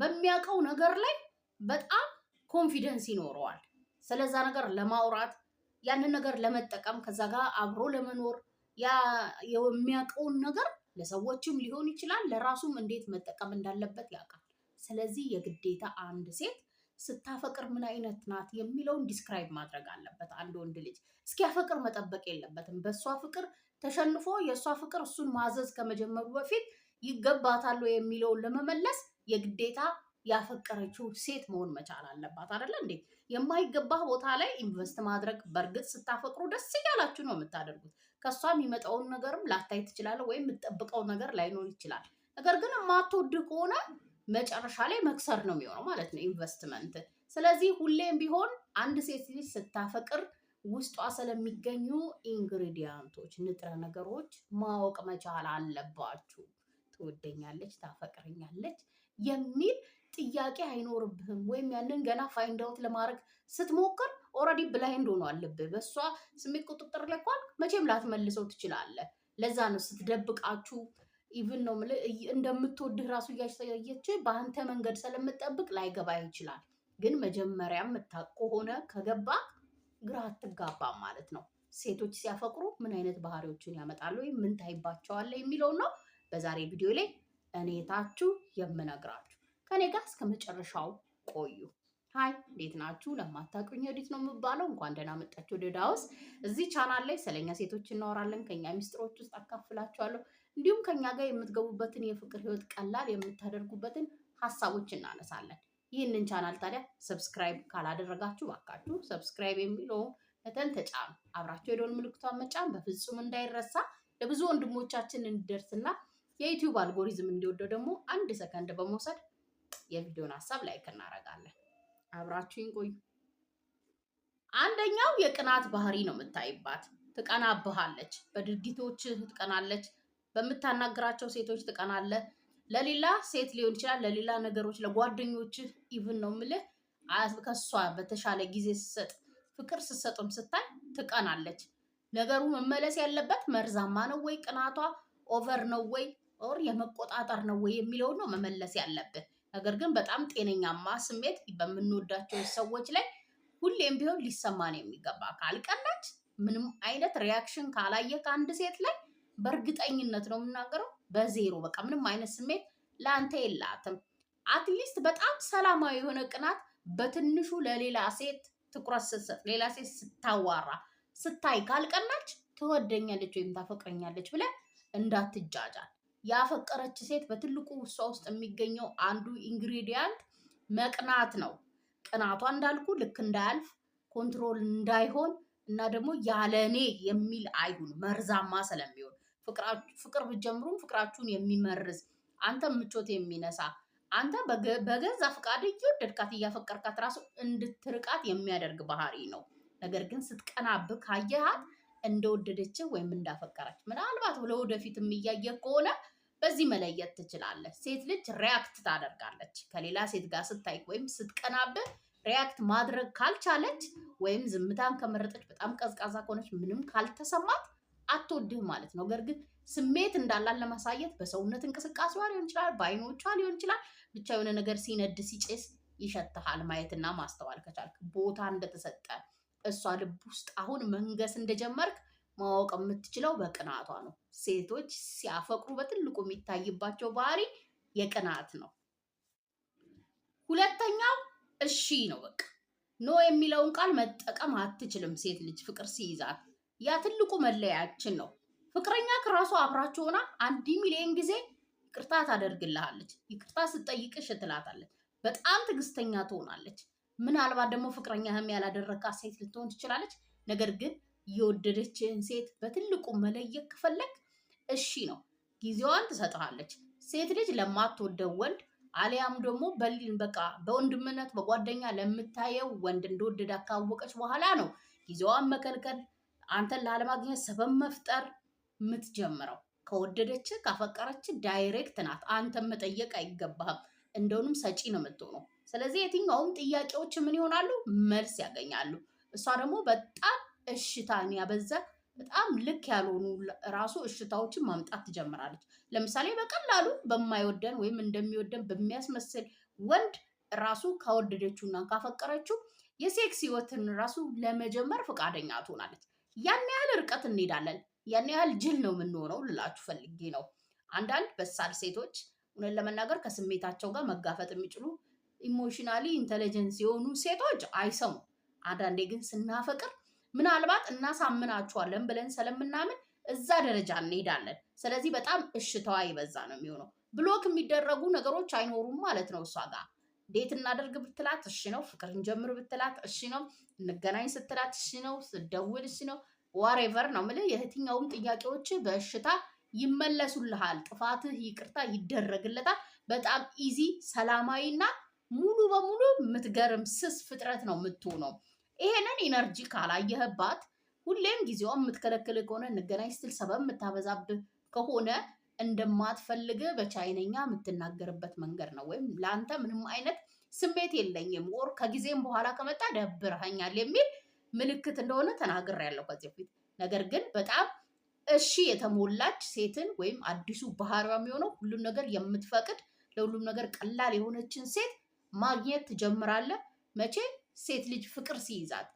በሚያውቀው ነገር ላይ በጣም ኮንፊደንስ ይኖረዋል። ስለዛ ነገር ለማውራት ያንን ነገር ለመጠቀም ከዛ ጋር አብሮ ለመኖር የሚያውቀውን ነገር ለሰዎችም ሊሆን ይችላል፣ ለራሱም እንዴት መጠቀም እንዳለበት ያውቃል። ስለዚህ የግዴታ አንድ ሴት ስታፈቅር ምን አይነት ናት የሚለውን ዲስክራይብ ማድረግ አለበት። አንድ ወንድ ልጅ እስኪያፈቅር መጠበቅ የለበትም። በእሷ ፍቅር ተሸንፎ የእሷ ፍቅር እሱን ማዘዝ ከመጀመሩ በፊት ይገባታል የሚለውን ለመመለስ የግዴታ ያፈቀረችው ሴት መሆን መቻል አለባት። አደለ እንዴ? የማይገባ ቦታ ላይ ኢንቨስት ማድረግ በእርግጥ ስታፈቅሩ ደስ እያላችሁ ነው የምታደርጉት። ከእሷ የሚመጣውን ነገርም ላታይ ትችላለህ፣ ወይም የምትጠብቀው ነገር ላይኖር ይችላል። ነገር ግን የማትወድህ ከሆነ መጨረሻ ላይ መክሰር ነው የሚሆነው ማለት ነው ኢንቨስትመንት። ስለዚህ ሁሌም ቢሆን አንድ ሴት ልጅ ስታፈቅር ውስጧ ስለሚገኙ ኢንግሪዲያንቶች፣ ንጥረ ነገሮች ማወቅ መቻል አለባችሁ። ትወደኛለች፣ ታፈቅረኛለች የሚል ጥያቄ አይኖርብህም። ወይም ያንን ገና ፋይንድ አውት ለማድረግ ስትሞክር ኦልሬዲ ብላይንድ ሆኖ አለብህ። በእሷ ስሜት ቁጥጥር ለኳል መቼም ላትመልሰው ትችላለህ። ለዛ ነው ስትደብቃችሁ ኢቭን ነው እንደምትወድህ ራሱ እያሳየች በአንተ መንገድ ስለምጠብቅ ላይገባ ይችላል። ግን መጀመሪያ የምታውቅ ከሆነ ከገባ ግራ አትጋባ ማለት ነው። ሴቶች ሲያፈቅሩ ምን አይነት ባህሪዎችን ያመጣሉ ወይም ምን ታይባቸዋለ የሚለው ነው። በዛሬ ቪዲዮ ላይ እኔ ታችሁ የምነግራችሁ ከኔ ጋር እስከ መጨረሻው ቆዩ። ሀይ እንዴት ናችሁ? ለማታውቁኝ ዮዲት ነው የምባለው። እንኳን ደህና መጣችሁ ዮድ ሃውስ። እዚህ ቻናል ላይ ስለኛ ሴቶች እናወራለን፣ ከኛ ሚስጥሮች ውስጥ አካፍላችኋለሁ። እንዲሁም ከኛ ጋር የምትገቡበትን የፍቅር ህይወት ቀላል የምታደርጉበትን ሀሳቦች እናነሳለን። ይህንን ቻናል ታዲያ ሰብስክራይብ ካላደረጋችሁ ባካችሁ ሰብስክራይብ የሚለውን በተን ተጫኑ። አብራችሁ የደወል ምልክቷን መጫን በፍጹም እንዳይረሳ ለብዙ ወንድሞቻችን እንዲደርስና የዩቲዩብ አልጎሪዝም እንዲወደው ደግሞ አንድ ሰከንድ በመውሰድ የቪዲዮን ሀሳብ ላይክ እናደርጋለን። አብራችሁኝ ቆዩ። አንደኛው የቅናት ባህሪ ነው የምታይባት። ትቀናብሃለች፣ በድርጊቶች ትቀናለች፣ በምታናግራቸው ሴቶች ትቀናለ። ለሌላ ሴት ሊሆን ይችላል፣ ለሌላ ነገሮች፣ ለጓደኞች ኢቭን ነው የምልህ። ከሷ በተሻለ ጊዜ ስትሰጥ ፍቅር ስትሰጥም ስታይ ትቀናለች። ነገሩ መመለስ ያለበት መርዛማ ነው ወይ ቅናቷ ኦቨር ነው ወይ ኦር የመቆጣጠር ነው ወይ የሚለውን ነው መመለስ ያለብን። ነገር ግን በጣም ጤነኛማ ስሜት በምንወዳቸው ሰዎች ላይ ሁሌም ቢሆን ሊሰማ ነው የሚገባ። ካልቀናች፣ ምንም አይነት ሪያክሽን ካላየ ከአንድ ሴት ላይ በእርግጠኝነት ነው የምናገረው፣ በዜሮ በቃ ምንም አይነት ስሜት ለአንተ የላትም። አትሊስት በጣም ሰላማዊ የሆነ ቅናት በትንሹ ለሌላ ሴት ትኩረት ስትሰጥ፣ ሌላ ሴት ስታዋራ ስታይ ካልቀናች ትወደኛለች ወይም ታፈቅረኛለች ብለህ እንዳትጃጃል። ያፈቀረች ሴት በትልቁ እሷ ውስጥ የሚገኘው አንዱ ኢንግሪዲያንት መቅናት ነው። ቅናቷ እንዳልኩ ልክ እንዳያልፍ ኮንትሮል እንዳይሆን እና ደግሞ ያለ እኔ የሚል አይሁን፣ መርዛማ ስለሚሆን ፍቅር ብትጀምሩም ፍቅራችሁን የሚመርዝ አንተ ምቾት የሚነሳ አንተ በገዛ ፍቃድ እየወደድካት እያፈቀርካት ራሱ እንድትርቃት የሚያደርግ ባህሪ ነው። ነገር ግን ስትቀናብ ካየሃት እንደወደደች ወይም እንዳፈቀረች ምናልባት ለወደፊት የሚያየህ ከሆነ በዚህ መለየት ትችላለህ። ሴት ልጅ ሪያክት ታደርጋለች። ከሌላ ሴት ጋር ስታይ ወይም ስትቀናብህ ሪያክት ማድረግ ካልቻለች ወይም ዝምታን ከመረጠች፣ በጣም ቀዝቃዛ ከሆነች፣ ምንም ካልተሰማት አትወድህ ማለት ነው። ነገር ግን ስሜት እንዳላት ለማሳየት በሰውነት እንቅስቃሴዋ ሊሆን ይችላል፣ በአይኖቿ ሊሆን ይችላል። ብቻ የሆነ ነገር ሲነድ ሲጭስ ይሸትሃል። ማየትና ማስተዋል ከቻልክ ቦታ እንደተሰጠ እሷ ልብ ውስጥ አሁን መንገስ እንደጀመርክ ማወቅ የምትችለው በቅናቷ ነው። ሴቶች ሲያፈቅሩ በትልቁ የሚታይባቸው ባህሪ የቅናት ነው። ሁለተኛው እሺ ነው። በቃ ኖ የሚለውን ቃል መጠቀም አትችልም ሴት ልጅ ፍቅር ሲይዛት። ያ ትልቁ መለያችን ነው። ፍቅረኛ ከራሱ አብራችሁ ሆና አንድ ሚሊዮን ጊዜ ይቅርታ ታደርግልሃለች። ይቅርታ ስትጠይቅሽ ትላታለች። በጣም ትዕግስተኛ ትሆናለች። ምናልባት ደግሞ ፍቅረኛህም ያላደረካ ሴት ልትሆን ትችላለች። ነገር ግን የወደደችህን ሴት በትልቁ መለየት ከፈለግ እሺ ነው፣ ጊዜዋን ትሰጥሃለች። ሴት ልጅ ለማትወደው ወንድ አሊያም ደግሞ በሊን በቃ በወንድምነት በጓደኛ ለምታየው ወንድ እንደወደዳ ካወቀች በኋላ ነው ጊዜዋን መከልከል፣ አንተን ላለማግኘት ሰበብ መፍጠር የምትጀምረው። ከወደደች ካፈቀረች ዳይሬክት ናት። አንተን መጠየቅ አይገባህም። እንደውንም ሰጪ ነው የምትሆነው። ስለዚህ የትኛውም ጥያቄዎች ምን ይሆናሉ? መልስ ያገኛሉ። እሷ ደግሞ በጣም እሽታን ያበዛ በጣም ልክ ያልሆኑ ራሱ እሽታዎችን ማምጣት ትጀምራለች። ለምሳሌ በቀላሉ በማይወደን ወይም እንደሚወደን በሚያስመስል ወንድ ራሱ ከወደደችው እና ካፈቀረችው የሴክስ ህይወትን ራሱ ለመጀመር ፈቃደኛ ትሆናለች። ያን ያህል ርቀት እንሄዳለን፣ ያን ያህል ጅል ነው የምንሆነው ልላችሁ ፈልጌ ነው። አንዳንድ በሳል ሴቶች እውነት ለመናገር ከስሜታቸው ጋር መጋፈጥ የሚችሉ ኢሞሽናሊ ኢንተለጀንስ የሆኑ ሴቶች አይሰሙ። አንዳንዴ ግን ስናፈቅር ምናልባት እናሳምናችኋለን ብለን ስለምናምን እዛ ደረጃ እንሄዳለን። ስለዚህ በጣም እሽታዋ ይበዛ ነው የሚሆነው። ብሎክ የሚደረጉ ነገሮች አይኖሩም ማለት ነው። እሷ ጋር ዴት እናደርግ ብትላት እሺ ነው፣ ፍቅር እንጀምር ብትላት እሺ ነው፣ እንገናኝ ስትላት እሺ ነው፣ ስደውል እሺ ነው። ዋሬቨር ነው የምልህ። የትኛውም ጥያቄዎች በእሽታ ይመለሱልሃል። ጥፋትህ ይቅርታ ይደረግለታል። በጣም ኢዚ ሰላማዊና ሙሉ በሙሉ የምትገርም ስስ ፍጥረት ነው የምትሆነው። ይሄንን ኢነርጂ ካላየህባት ሁሌም ጊዜዋ የምትከለክል ከሆነ እንገናኝ ስትል ሰበብ የምታበዛብህ ከሆነ እንደማትፈልግ በቻይነኛ የምትናገርበት መንገድ ነው። ወይም ለአንተ ምንም አይነት ስሜት የለኝም ወር ከጊዜም በኋላ ከመጣ ደብረሃኛል የሚል ምልክት እንደሆነ ተናግር ያለው ከዚህ በፊት። ነገር ግን በጣም እሺ የተሞላች ሴትን ወይም አዲሱ ባህሪ የሚሆነው ሁሉም ነገር የምትፈቅድ ለሁሉም ነገር ቀላል የሆነችን ሴት ማግኘት ትጀምራለህ መቼ ሴት ልጅ ፍቅር ሲይዛት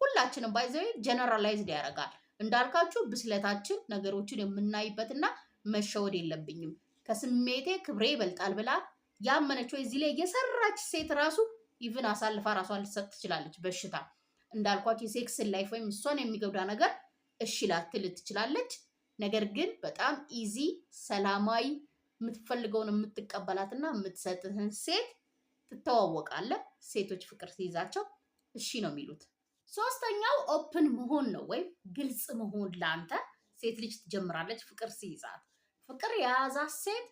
ሁላችንም ባይዘ ጀነራላይዝድ ያደርጋል። እንዳልካችሁ ብስለታችን ነገሮችን የምናይበትና መሸወድ የለብኝም ከስሜቴ ክብሬ ይበልጣል ብላ ያመነች ወይ እዚህ ላይ የሰራች ሴት ራሱ ኢቭን አሳልፋ ራሷን ልትሰጥ ትችላለች። በሽታ እንዳልኳችሁ የሴክስ ላይፍ ወይም እሷን የሚገብዳ ነገር እሺ ላትል ትችላለች። ነገር ግን በጣም ኢዚ ሰላማዊ የምትፈልገውን የምትቀበላትና የምትሰጥህን ሴት ትተዋወቃለህ። ሴቶች ፍቅር ሲይዛቸው እሺ ነው የሚሉት። ሶስተኛው ኦፕን መሆን ነው ወይም ግልጽ መሆን። ለአንተ ሴት ልጅ ትጀምራለች ፍቅር ሲይዛት። ፍቅር የያዛት ሴት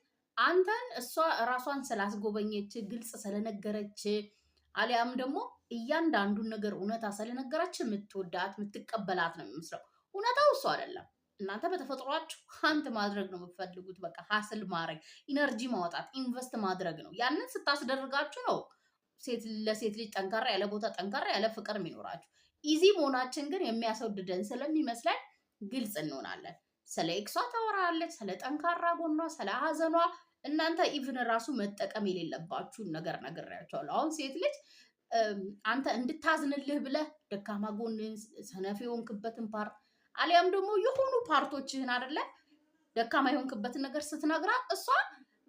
አንተን እሷ ራሷን ስላስጎበኘች ግልጽ ስለነገረች አሊያም ደግሞ እያንዳንዱን ነገር እውነታ ስለነገራች የምትወዳት የምትቀበላት ነው የሚመስለው። እውነታው እሱ አይደለም። እናንተ በተፈጥሯችሁ ሀንት ማድረግ ነው የምትፈልጉት። በቃ ሀስል ማድረግ፣ ኢነርጂ ማውጣት፣ ኢንቨስት ማድረግ ነው። ያንን ስታስደርጋችሁ ነው ሴት ለሴት ልጅ ጠንካራ ያለ ቦታ ጠንካራ ያለ ፍቅር የሚኖራችሁ። ኢዚ መሆናችን ግን የሚያስወድደን ስለሚመስለን ግልጽ እንሆናለን። ስለ ኤክሷ ታወራለች፣ ስለ ጠንካራ ጎኗ፣ ስለ ሀዘኗ። እናንተ ኢቭን ራሱ መጠቀም የሌለባችሁን ነገር ነግሬያቸዋለሁ። አሁን ሴት ልጅ አንተ እንድታዝንልህ ብለህ ደካማ ጎንን ሰነፍ የሆንክበትን ፓርት አሊያም ደግሞ የሆኑ ፓርቶችህን አይደለ ደካማ የሆንክበትን ነገር ስትነግራ እሷ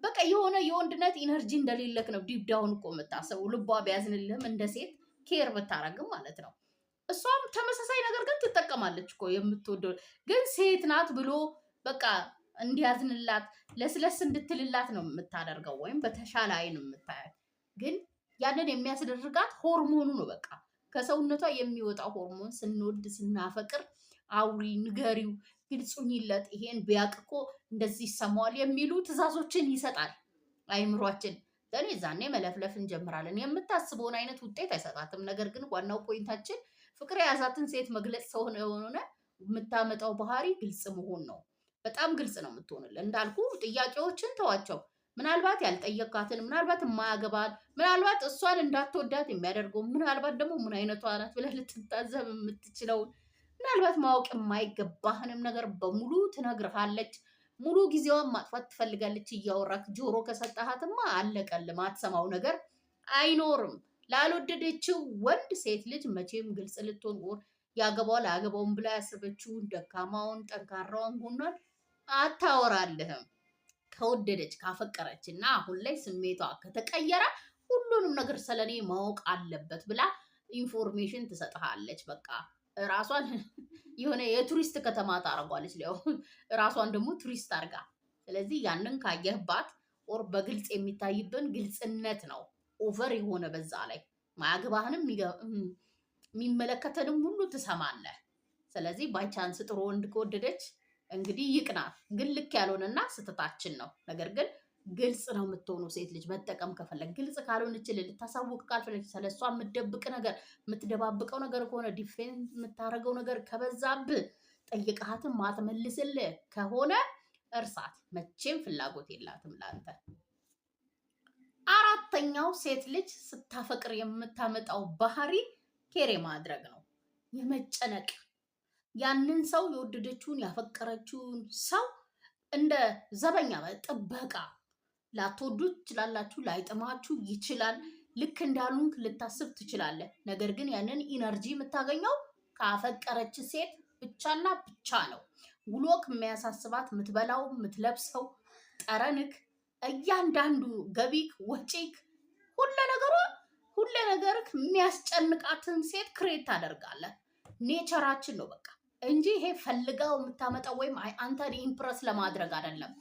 በቃ የሆነ የወንድነት ኢነርጂ እንደሌለክ ነው ዲብዳውን እኮ የምታሰቡ ልቧ ቢያዝንልህም እንደ ሴት ኬር ብታረግም ማለት ነው። እሷም ተመሳሳይ ነገር ግን ትጠቀማለች እኮ የምትወደው ግን ሴት ናት ብሎ በቃ እንዲያዝንላት ለስለስ እንድትልላት ነው የምታደርገው፣ ወይም በተሻለ አይን የምታያት ግን ያንን የሚያስደርጋት ሆርሞኑ ነው። በቃ ከሰውነቷ የሚወጣው ሆርሞን ስንወድ ስናፈቅር አውሪ፣ ንገሪው፣ ግልጹኝ ይለጥ ይሄን ቢያቅቆ እንደዚህ ይሰማዋል የሚሉ ትዕዛዞችን ይሰጣል አይምሯችን። ለኔ ዛኔ መለፍለፍ እንጀምራለን። የምታስበውን አይነት ውጤት አይሰጣትም። ነገር ግን ዋናው ፖይንታችን ፍቅር የያዛትን ሴት መግለጽ ሰው የሆነ የምታመጣው ባህሪ ግልጽ መሆን ነው። በጣም ግልጽ ነው የምትሆንል። እንዳልኩ ጥያቄዎችን ተዋቸው። ምናልባት ያልጠየቃትን፣ ምናልባት የማያገባት፣ ምናልባት እሷን እንዳትወዳት የሚያደርገው፣ ምናልባት ደግሞ ምን አይነቷ ናት ብለህ ልትታዘብ የምትችለውን ምናልባት ማወቅ የማይገባህንም ነገር በሙሉ ትነግርሃለች። ሙሉ ጊዜዋን ማጥፋት ትፈልጋለች። እያወራክ ጆሮ ከሰጠሃትማ አለቀልም፣ አትሰማው ነገር አይኖርም። ላልወደደችው ወንድ ሴት ልጅ መቼም ግልጽ ልትሆን ያገባው አያገባውም ብላ ያሰበችውን ደካማውን ጠንካራውን ጎኗን አታወራልህም። ከወደደች ካፈቀረች እና አሁን ላይ ስሜቷ ከተቀየረ ሁሉንም ነገር ስለኔ ማወቅ አለበት ብላ ኢንፎርሜሽን ትሰጥሃለች በቃ ራሷን የሆነ የቱሪስት ከተማ ታደርጓለች፣ ራሷን ደግሞ ቱሪስት አድርጋ። ስለዚህ ያንን ካየህባት ኦር በግልጽ የሚታይብን ግልጽነት ነው። ኦቨር የሆነ በዛ ላይ ማያግባህንም የሚመለከተንም ሁሉ ትሰማለህ። ስለዚህ ባይቻንስ ጥሩ ወንድ ከወደደች እንግዲህ ይቅናል። ግን ልክ ያልሆነና ስተታችን ነው። ነገር ግን ግልጽ ነው የምትሆነው። ሴት ልጅ መጠቀም ከፈለግ ግልጽ ካልሆነች ልታሳውቅ ካልፈለግ ስለሷ የምትደብቅ ነገር የምትደባብቀው ነገር ከሆነ ዲፌንድ የምታደርገው ነገር ከበዛብህ ጠይቃትን ማትመልስልህ ከሆነ እርሳት። መቼም ፍላጎት የላትም ላንተ። አራተኛው ሴት ልጅ ስታፈቅር የምታመጣው ባህሪ ኬሬ ማድረግ ነው፣ የመጨነቅ ያንን ሰው የወደደችውን ያፈቀረችውን ሰው እንደ ዘበኛ ጥበቃ ላትወዱት ትችላላችሁ፣ ላይጥማችሁ ይችላል። ልክ እንዳሉንክ ልታስብ ትችላለህ። ነገር ግን ያንን ኢነርጂ የምታገኘው ካፈቀረች ሴት ብቻና ብቻ ነው። ውሎክ የሚያሳስባት የምትበላው፣ የምትለብሰው፣ ጠረንክ፣ እያንዳንዱ ገቢክ፣ ወጪክ፣ ሁለ ነገሯ ሁለ ነገርክ የሚያስጨንቃትን ሴት ክሬት ታደርጋለህ። ኔቸራችን ነው በቃ እንጂ ይሄ ፈልጋው የምታመጣው ወይም አንተን ኢምፕረስ ለማድረግ አይደለም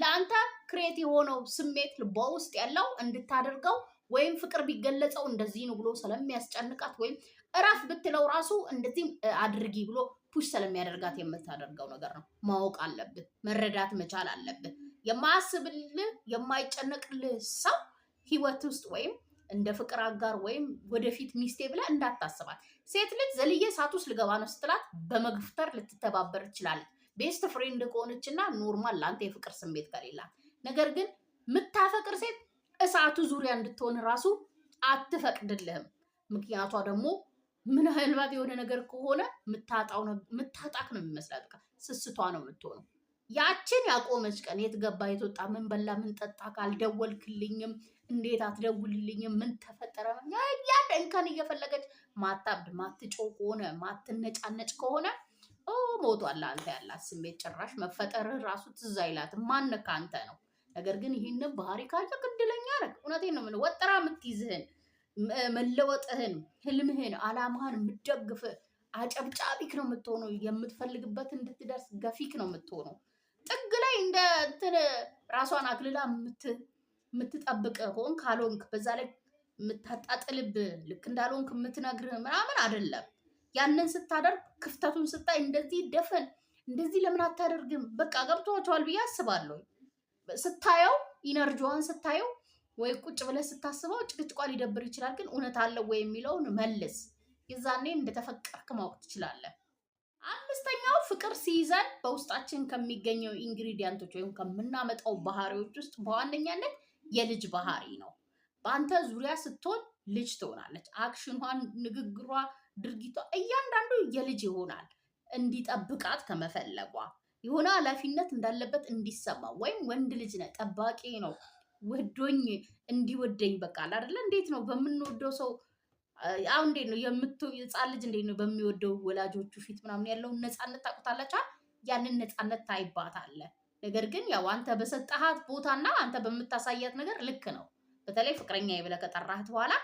ለአንተ ክሬት የሆነው ስሜት ልቧ ውስጥ ያለው እንድታደርገው ወይም ፍቅር ቢገለጸው እንደዚህ ነው ብሎ ስለሚያስጨንቃት ወይም እረፍ ብትለው ራሱ እንደዚህ አድርጊ ብሎ ፑሽ ስለሚያደርጋት የምታደርገው ነገር ነው። ማወቅ አለብን፣ መረዳት መቻል አለብን። የማያስብልህ የማይጨነቅልህ ሰው ህይወት ውስጥ ወይም እንደ ፍቅር አጋር ወይም ወደፊት ሚስቴ ብለህ እንዳታስባት። ሴት ልጅ ዘልዬ ሳት ውስጥ ልገባ ነው ስትላት በመግፍተር ልትተባበር ትችላለች። ቤስት ፍሬንድ ከሆነችና ኖርማል ለአንተ የፍቅር ስሜት ከሌላት ነገር ግን የምታፈቅር ሴት እሳቱ ዙሪያ እንድትሆን ራሱ አትፈቅድልህም። ምክንያቷ ደግሞ ምን ምናልባት የሆነ ነገር ከሆነ ምታጣክ ነው የሚመስላት፣ ስስቷ ነው የምትሆነው። ያችን ያቆመች ቀን የት ገባ የት ወጣ ምን በላ ምን ጠጣ ካልደወልክልኝም እንዴት አትደውልልኝም ምን ተፈጠረ ያን እንከን እየፈለገች ማታብድ ማትጮ ከሆነ ማትነጫነጭ ከሆነ ሞቷል። አንተ ያላት ስሜት ጭራሽ መፈጠር ራሱ ትዝ አይላትም። ማን ከአንተ ነው ነገር ግን ይህንን ባህሪ ካለ እድለኛ ነህ። እውነቴን ነው የምልህ። ወጠራ የምትይዝህን መለወጥህን፣ ህልምህን፣ አላማህን የምትደግፍ አጨብጫቢክ ነው የምትሆነው። የምትፈልግበት እንድትደርስ ገፊክ ነው የምትሆነው። ጥግ ላይ እንደ እንትን ራሷን አግልላ የምትጠብቅ ሆን ካልሆንክ በዛ ላይ የምታጣጥልብ ልክ እንዳልሆንክ የምትነግርህ ምናምን አይደለም። ያንን ስታደርግ ክፍተቱን ስታይ እንደዚህ ደፈን እንደዚህ ለምን አታደርግም? በቃ ገብቷቸዋል ብዬ አስባለሁ። ስታየው ኢነርጂዋን ስታየው ወይ ቁጭ ብለህ ስታስበው ጭቅጭቋ ሊደብር ይችላል። ግን እውነት አለው ወይ የሚለውን መልስ የዛኔ እንደተፈቀርክ ማወቅ ትችላለህ። አምስተኛው ፍቅር ሲይዘን በውስጣችን ከሚገኘው ኢንግሪዲያንቶች ወይም ከምናመጣው ባህሪዎች ውስጥ በዋነኛነት የልጅ ባህሪ ነው። በአንተ ዙሪያ ስትሆን ልጅ ትሆናለች። አክሽኗ፣ ንግግሯ፣ ድርጊቷ እያንዳንዱ የልጅ ይሆናል እንዲጠብቃት ከመፈለጓ የሆነ ኃላፊነት እንዳለበት እንዲሰማ ወይም ወንድ ልጅ ነህ ጠባቂ ነው ወዶኝ እንዲወደኝ በቃ አይደለ? እንዴት ነው በምንወደው ሰው አሁ እንዴት ነው የምት ህፃን ልጅ እንዴት ነው በሚወደው ወላጆቹ ፊት ምናምን ያለውን ነፃነት ታውቁታላችኋል። ያንን ነፃነት ታይባታለ። ነገር ግን ያው አንተ በሰጠሃት ቦታና አንተ በምታሳያት ነገር ልክ ነው። በተለይ ፍቅረኛ ብለህ ከጠራህት በኋላ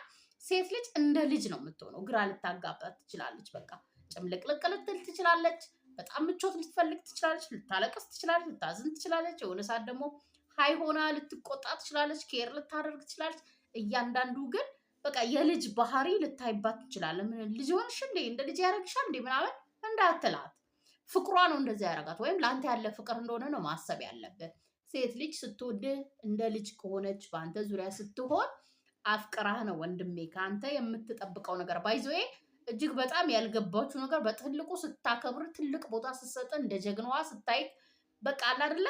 ሴት ልጅ እንደ ልጅ ነው የምትሆነው። ግራ ልታጋባ ትችላለች። በቃ ጭምልቅልቅ ልትል ትችላለች። በጣም ምቾት ልትፈልግ ትችላለች፣ ልታለቅስ ትችላለች፣ ልታዝን ትችላለች። የሆነ ሰዓት ደግሞ ሀይ ሆና ልትቆጣ ትችላለች፣ ኬር ልታደርግ ትችላለች። እያንዳንዱ ግን በቃ የልጅ ባህሪ ልታይባት ትችላለ። ምን ልጅ ሆንሽ እንዴ እንደ ልጅ ያደረግሻል እንዴ ምናምን እንዳትላት። ፍቅሯ ነው እንደዚያ ያደረጋት፣ ወይም ለአንተ ያለ ፍቅር እንደሆነ ነው ማሰብ ያለብን። ሴት ልጅ ስትወድህ እንደ ልጅ ከሆነች በአንተ ዙሪያ ስትሆን አፍቅራህ ነው ወንድሜ ከአንተ የምትጠብቀው ነገር ባይዞዬ እጅግ በጣም ያልገባችሁ ነገር በትልቁ ስታከብር ትልቅ ቦታ ስትሰጥ እንደ ጀግናዋ ስታይ በቃ አለ አይደለ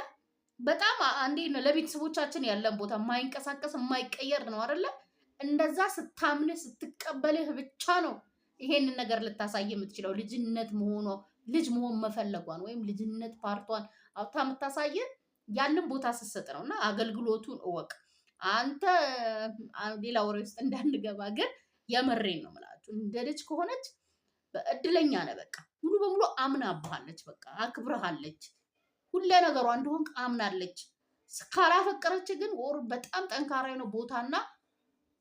በጣም አንዴ ለቤተሰቦቻችን ያለን ቦታ የማይንቀሳቀስ የማይቀየር ነው አይደለ እንደዛ ስታምን ስትቀበልህ ብቻ ነው ይሄንን ነገር ልታሳይ የምትችለው ልጅነት መሆኗ ልጅ መሆን መፈለጓን ወይም ልጅነት ፓርቷን አውታ የምታሳየ ያንን ቦታ ስትሰጥ ነው እና አገልግሎቱን እወቅ አንተ ሌላ ወሬ ውስጥ እንዳንገባ ግን የመሬን ነው እንደ ልጅ ከሆነች እድለኛ ነህ። በቃ ሙሉ በሙሉ አምናብሃለች። በቃ አክብረሃለች። ሁለ ነገሯ እንደሆንክ አምናለች። ካላፈቀረች ግን ወር በጣም ጠንካራ ነው ቦታና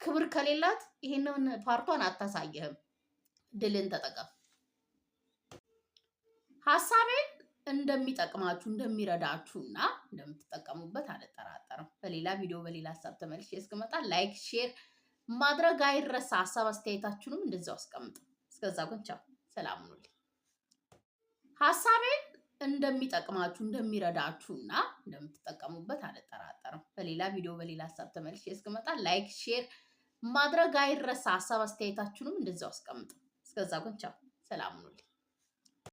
ክብር ከሌላት ይሄንን ፓርቷን አታሳየህም። ድልን ተጠቀም። ሀሳቤን እንደሚጠቅማችሁ እንደሚረዳችሁና እንደምትጠቀሙበት አልጠራጠርም። በሌላ ቪዲዮ በሌላ ሀሳብ ተመልሼ እስክመጣ ላይክ፣ ሼር ማድረግ አይረሳ። ሀሳብ አስተያየታችሁንም እንደዚያው አስቀምጡ። እስከዛ ግን ቻው፣ ሰላም ሁኑልኝ። ሀሳቤን እንደሚጠቅማችሁ እንደሚረዳችሁ እና እንደምትጠቀሙበት አልጠራጠርም። በሌላ ቪዲዮ በሌላ ሀሳብ ተመልሼ እስክመጣ ላይክ፣ ሼር ማድረግ አይረሳ። ሀሳብ አስተያየታችሁንም እንደዚያው አስቀምጡ። እስከዛ ግን ቻው፣ ሰላም ሁኑልኝ።